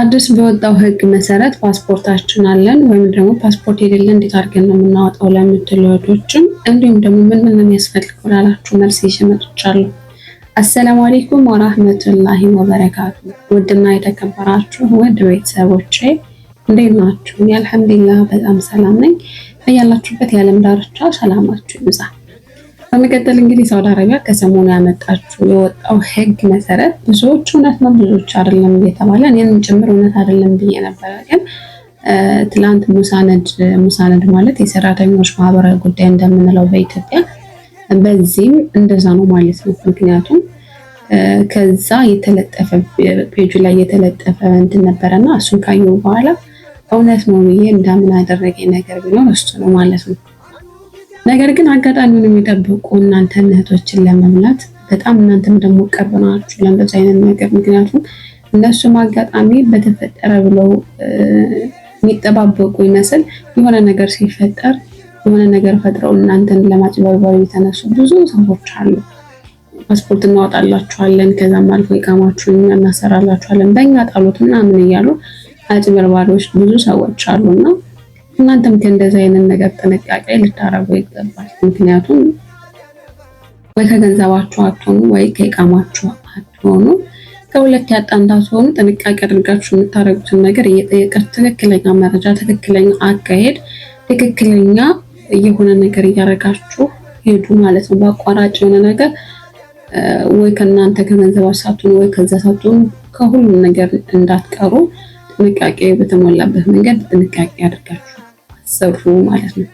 አዲስ በወጣው ህግ መሰረት ፓስፖርታችን አለን ወይም ደግሞ ፓስፖርት የሌለ እንዴት አድርገን ነው የምናወጣው ለምትሉ ወዳጆችም እንዲሁም ደግሞ ምን ምን የሚያስፈልገው ላላችሁ መልስ ይዤ መጥቻለሁ። አሰላሙ አሌይኩም ወራህመቱላሂ ወበረካቱ። ውድና የተከበራችሁ ውድ ቤተሰቦቼ እንዴት ናችሁ? አልሐምዱሊላህ በጣም ሰላም ነኝ። በያላችሁበት የዓለም ዳርቻ ሰላማችሁ ይብዛል። በመቀጠል እንግዲህ ሳውዲ አረቢያ ከሰሞኑ ያመጣችው የወጣው ህግ መሰረት ብዙዎች እውነት ነው ብዙዎች አይደለም እየተባለ እኔንም ጭምር እውነት አይደለም ብዬ ነበረ። ግን ትላንት ሙሳነድ ሙሳነድ ማለት የሰራተኞች ማህበራዊ ጉዳይ እንደምንለው በኢትዮጵያ በዚህም እንደዛ ነው ማለት ነው። ምክንያቱም ከዛ የተለጠፈ ፔጁ ላይ የተለጠፈ እንትን ነበረና እሱን ካየሁ በኋላ እውነት ነው ብዬ እንዳምን ያደረገኝ ነገር ቢኖር እሱ ነው ማለት ነው። ነገር ግን አጋጣሚውን የሚጠብቁ እናንተን እህቶችን ለመብላት በጣም እናንተም ደግሞ ቅርብ ናችሁ ለእንደዚህ አይነት ነገር። ምክንያቱም እነሱም አጋጣሚ በተፈጠረ ብለው የሚጠባበቁ ይመስል የሆነ ነገር ሲፈጠር የሆነ ነገር ፈጥረው እናንተን ለማጭበርበር የተነሱ ብዙ ሰዎች አሉ። ፓስፖርት እናወጣላችኋለን፣ ከዛም አልፎ ይቃማችሁን እናሰራላችኋለን፣ በእኛ ጣሎት ምናምን እያሉ አጭበርባሪዎች ብዙ ሰዎች እና እናንተም ከእንደዚህ አይነት ነገር ጥንቃቄ ልታረጉ ይገባል። ምክንያቱም ወይ ከገንዘባችሁ አትሆኑ፣ ወይ ከእቃማችሁ አትሆኑ። ከሁለት ያጣንታ ሲሆኑ ጥንቃቄ አድርጋችሁ የምታደርጉትን ነገር እየጠየቀች ትክክለኛ መረጃ፣ ትክክለኛ አካሄድ፣ ትክክለኛ የሆነ ነገር እያደረጋችሁ ሄዱ ማለት ነው። በአቋራጭ የሆነ ነገር ወይ ከእናንተ ከገንዘባችሁ ሳትሆኑ፣ ወይ ከዛ ሳትሆኑ ከሁሉም ነገር እንዳትቀሩ ጥንቃቄ በተሞላበት መንገድ ጥንቃቄ አድርጋችሁ ሰፉ ማለት ነው።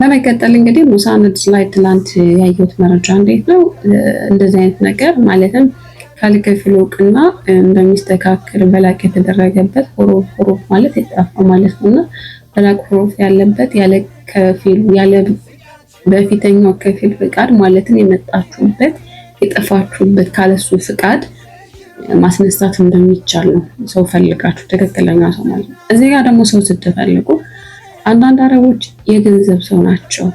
በመቀጠል እንግዲህ ንድስ ላይ ትናንት ያየሁት መረጃ እንዴት ነው እንደዚህ አይነት ነገር ማለትም ካልከፊል እውቅና እንደሚስተካከል በላቅ የተደረገበት ሆሮፍ ሆሮፍ ማለት የጣፋ ማለት ነው እና በላቅ ሆሮፍ ያለበት ያለ ከፊሉ ያለ በፊተኛው ከፊል ፍቃድ ማለትም የመጣችሁበት የጠፋችሁበት ካለሱ ፍቃድ ማስነሳት እንደሚቻል ነው። ሰው ፈልጋችሁ ትክክለኛ ሰው ማለት ነው። እዚህ ጋር ደግሞ ሰው ስትፈልጉ አንዳንድ አረቦች የገንዘብ ሰው ናቸው።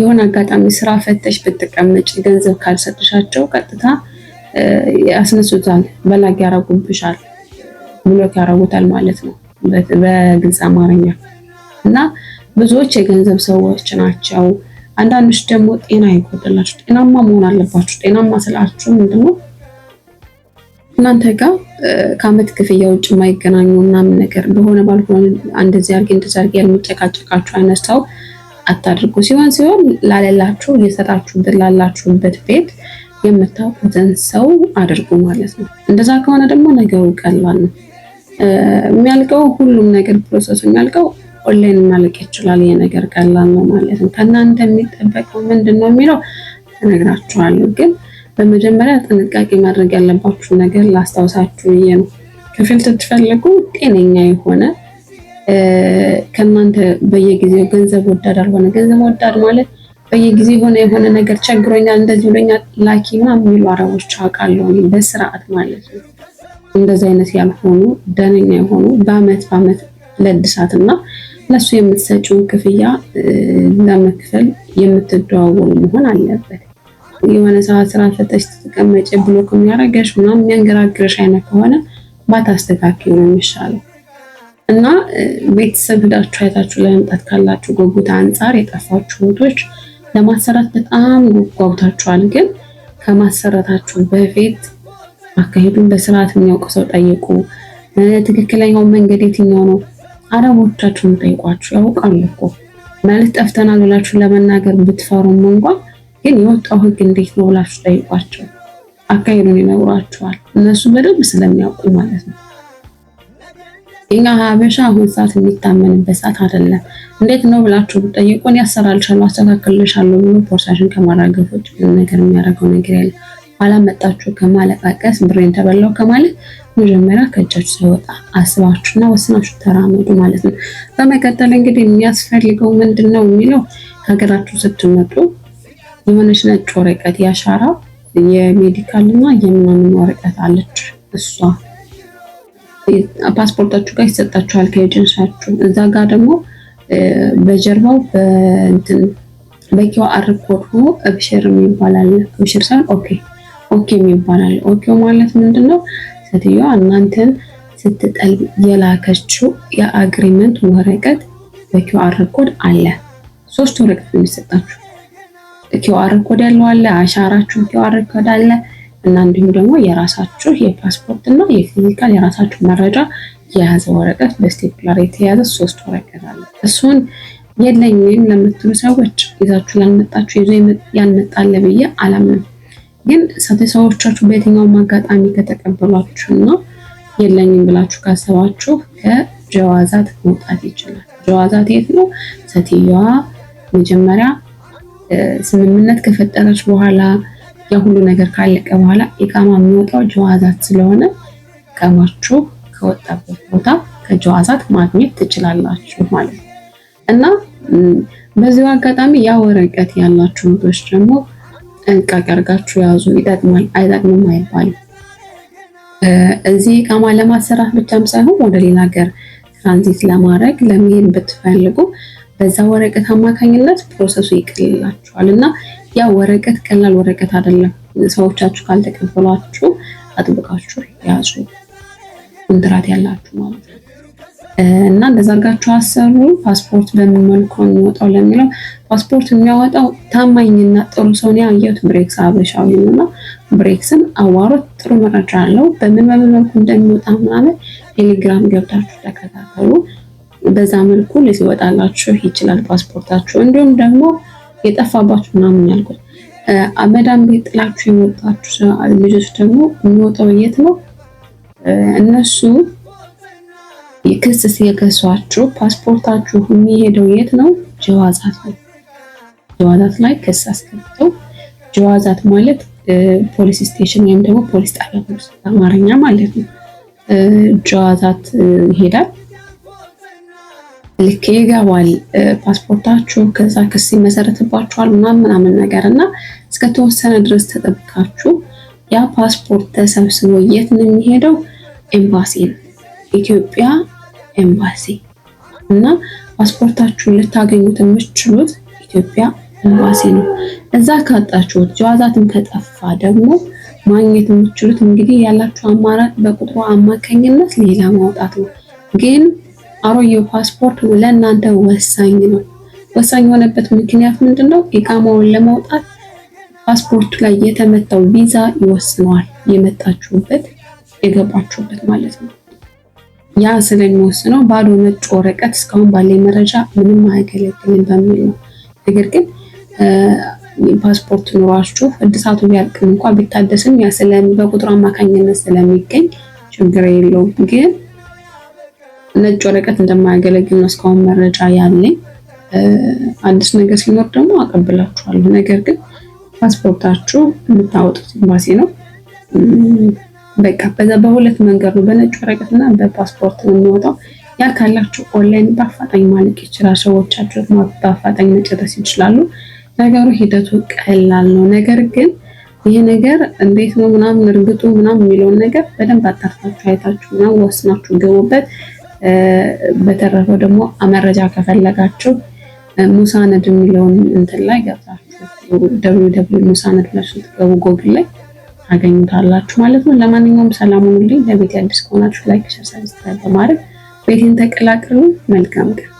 የሆነ አጋጣሚ ስራ ፈተሽ ብትቀመጭ ገንዘብ ካልሰጥሻቸው ቀጥታ ያስነሱታል፣ በላግ ያረጉብሻል፣ ብሎክ ያረጉታል ማለት ነው በግልጽ አማርኛ እና ብዙዎች የገንዘብ ሰዎች ናቸው። አንዳንዶች ደግሞ ጤና ይጎደላችሁ፣ ጤናማ መሆን አለባችሁ። ጤናማ ስላችሁ ምንድነው? እናንተ ጋር ከአመት ክፍያ ውጭ የማይገናኙ ምናምን ነገር በሆነ ባልሆነ እንደዚህ አርጌ እንደዚህ አርጌ የሚጨቃጨቃችሁ አይነት ሰው አታድርጉ። ሲሆን ሲሆን ላለላችሁ እየሰራችሁበት ላላችሁበት ቤት የምታውቁትን ሰው አድርጉ ማለት ነው። እንደዛ ከሆነ ደግሞ ነገሩ ቀላል ነው። የሚያልቀው ሁሉም ነገር ፕሮሰሱ የሚያልቀው ኦንላይን ማለቅ ይችላል። ይሄ ነገር ቀላል ነው ማለት ነው። ከእናንተ የሚጠበቀው ምንድን ነው የሚለው እነግራችኋለሁ ግን በመጀመሪያ ጥንቃቄ ማድረግ ያለባችሁ ነገር ላስታውሳችሁ ብዬ ነው። ክፍል ስትፈልጉ ጤነኛ የሆነ ከእናንተ በየጊዜው ገንዘብ ወዳድ አልሆነ። ገንዘብ ወዳድ ማለት በየጊዜው የሆነ የሆነ ነገር ቸግሮኛል፣ እንደዚህ ብሎኛል፣ ላኪ ምናምን የሚሉ አረቦች አውቃለሁ። በስርዓት ማለት ነው። እንደዚህ አይነት ያልሆኑ ደነኛ የሆኑ በአመት በአመት ለእድሳት እና ለእሱ የምትሰጪውን ክፍያ ለመክፈል የምትደዋወሉ መሆን አለበት። የሆነ ሰዓት ስራ ፈተሽ ተቀመጨ ብሎ ከሚያረገሽ ምናምን የሚያንገራግርሽ አይነት ከሆነ ባታስተካክዩ ነው የሚሻለው። እና ቤተሰብ ሄዳችሁ አይታችሁ ለመምጣት ካላችሁ ጉጉት አንጻር የጠፋችሁ እህቶች ለማሰራት በጣም ጓጉታችኋል። ግን ከማሰረታችሁ በፊት አካሄዱን በስርዓት የሚያውቅ ሰው ጠይቁ። ትክክለኛውን መንገድ የትኛው ነው? አረቦቻችሁን ጠይቋችሁ ያውቃሉ እኮ ማለት ጠፍተናል ብላችሁ ለመናገር ብትፈሩም እንኳን ግን የወጣው ህግ እንዴት ነው ብላችሁ ጠይቋቸው። አካሄዱን ይነግሯቸዋል። እነሱ በደንብ ስለሚያውቁ ማለት ነው። እኛ ሀበሻ አሁን ሰዓት የሚታመንበት ሰዓት አይደለም። እንዴት ነው ብላችሁ ብጠይቁን ያሰራልሻለሁ፣ አስተካክልልሻለሁ ብሎ ፖርሳሽን ከማራገፎች ነገር የሚያደርገው ነገር ያለ ኋላ መጣችሁ ከማለቃቀስ ብሬን ተበላው ከማለት መጀመሪያ ከእጃችሁ ሳይወጣ አስባችሁና ወስናችሁ ተራመዱ ማለት ነው። በመቀጠል እንግዲህ የሚያስፈልገው ምንድን ነው የሚለው ሀገራችሁ ስትመጡ የሆነች ነጭ ወረቀት ያሻራ የሜዲካል እና የምናምን ወረቀት አለች። እሷ ፓስፖርታችሁ ጋር ይሰጣችኋል ከኤጀንሳችሁ። እዛ ጋር ደግሞ በጀርባው በእንትን በኪዋ አርኮድ ሆኖ እብሽር የሚባል እብሽር ሳይሆን ኦኬ ኦኬ የሚባል ኦኬ ማለት ምንድን ነው? ሴትዮዋ እናንተን ስትጠልብ የላከችው የአግሪመንት ወረቀት በኪዋ አርኮድ አለ። ሶስት ወረቀት ነው የሚሰጣችሁ ኪዋር ኮድ ያለው አለ፣ አሻራችሁ ኪዋር ኮድ አለ እና እንዲሁም ደግሞ የራሳችሁ የፓስፖርት እና የፊዚካል የራሳችሁ መረጃ የያዘ ወረቀት በስቴፕላር የተያዘ ሶስት ወረቀት አለ። እሱን የለኝም ለምትሉ ሰዎች ይዛችሁ ላልመጣችሁ ይዞ ያልመጣለ ብዬ አላምንም። ግን ሰዎቻችሁ በየትኛውም አጋጣሚ ከተቀበሏችሁ እና የለኝም ብላችሁ ካሰባችሁ ከጀዋዛት መውጣት ይችላል። ጀዋዛት የት ነው? ሴትየዋ መጀመሪያ ስምምነት ከፈጠረች በኋላ ያ ሁሉ ነገር ካለቀ በኋላ ኢቃማ የሚወጣው ጀዋዛት ስለሆነ ኢቃማችሁ ከወጣበት ቦታ ከጀዋዛት ማግኘት ትችላላችሁ ማለት ነው እና በዚሁ አጋጣሚ ያ ወረቀት ያላችሁ ልጆች ደግሞ ጥንቃቄ አድርጋችሁ ያዙ። ይጠቅማል አይጠቅምም አይባልም። እዚህ ኢቃማ ለማሰራት ብቻም ሳይሆን ወደ ሌላ ሀገር ትራንዚት ለማድረግ ለመሄድ ብትፈልጉ በዛ ወረቀት አማካኝነት ፕሮሰሱ ይቅልላችኋል እና ያ ወረቀት ቀላል ወረቀት አይደለም። ሰዎቻችሁ ካልተቀበሏችሁ አጥብቃችሁ ያዙ፣ ኮንትራት ያላችሁ ማለት ነው። እና እንደዛ አድርጋችሁ አሰሩ። ፓስፖርት በምን መልኩ የሚወጣው ለሚለው ፓስፖርት የሚያወጣው ታማኝና ጥሩ ሰውን ያየሁት ብሬክስ አበሻው እና ብሬክስን አዋሮት ጥሩ መረጃ አለው። በምን በምን መልኩ እንደሚወጣ ምናምን ቴሌግራም ገብታችሁ ተከታተሉ። በዛ መልኩ ሊወጣላችሁ ይችላል ፓስፖርታችሁ። እንዲሁም ደግሞ የጠፋባችሁ ምናምን ያልኩት መዳም ቤት ጥላችሁ የሚወጣችሁ ልጆች ደግሞ የሚወጣው የት ነው? እነሱ ክስ ሲከሷችሁ ፓስፖርታችሁ የሚሄደው የት ነው? ጀዋዛት ነው። ጀዋዛት ላይ ክስ አስገብተው ጀዋዛት ማለት ፖሊስ ስቴሽን ወይም ደግሞ ፖሊስ ጣቢያ አማርኛ ማለት ነው። ጀዋዛት ይሄዳል። ልክ ይገባል ፓስፖርታችሁ፣ ከዛ ክስ ይመሰረትባችኋል ምናምን ምናምን ነገር እና እስከተወሰነ ድረስ ተጠብቃችሁ ያ ፓስፖርት ተሰብስቦ የት ነው የሚሄደው? ኤምባሲ ነው፣ ኢትዮጵያ ኤምባሲ እና ፓስፖርታችሁን ልታገኙት የምችሉት ኢትዮጵያ ኤምባሲ ነው። እዛ ካጣችሁት ጀዋዛትም ከጠፋ ደግሞ ማግኘት የምችሉት እንግዲህ ያላችሁ አማራጭ በቁጥሩ አማካኝነት ሌላ ማውጣት ነው ግን አሮጌው ፓስፖርት ለእናንተ ወሳኝ ነው። ወሳኝ የሆነበት ምክንያት ምንድን ነው? ኢቃማውን ለማውጣት ፓስፖርቱ ላይ የተመታው ቪዛ ይወስነዋል። የመጣችሁበት የገባችሁበት ማለት ነው። ያ ስለሚወስነው ባዶ ነጭ ወረቀት እስካሁን ባለ መረጃ ምንም አያገለግልም በሚል ነው። ነገር ግን ፓስፖርት ኑሯችሁ እድሳቱ ቢያልቅም እንኳ ቢታደስም ያ በቁጥር አማካኝነት ስለሚገኝ ችግር የለውም ግን ነጭ ወረቀት እንደማያገለግል ነው እስካሁን መረጃ ያለኝ። አዲስ ነገር ሲኖር ደግሞ አቀብላችኋለሁ። ነገር ግን ፓስፖርታችሁ የምታወጡት ኤምባሲ ነው። በቃ በዛ በሁለት መንገድ ነው፣ በነጭ ወረቀት እና በፓስፖርት ነው የሚወጣው። ያ ካላችሁ ኦንላይን በአፋጣኝ ማለቅ ይችላል። ሰዎቻችሁ በአፋጣኝ መጨረስ ይችላሉ። ነገሩ ሂደቱ ቀላል ነው። ነገር ግን ይህ ነገር እንዴት ነው ምናምን እርግጡ ምናምን የሚለውን ነገር በደንብ አጣርታችሁ አይታችሁ ወስናችሁ ገቡበት። በተረፈው ደግሞ መረጃ ከፈለጋችሁ ሙሳነድ የሚለውን እንትን ላይ ገብታችሁ ደብሊው ሙሳነድ ብላችሁ ስትገቡ ጎግል ላይ ታገኙታላችሁ ማለት ነው። ለማንኛውም ሰላሙን ሁሉ ለቤት አዲስ ከሆናችሁ ላይክ፣ ሸር፣ ሰብስክራይብ በማድረግ ቤቴን ተቀላቅሉ። መልካም ቀን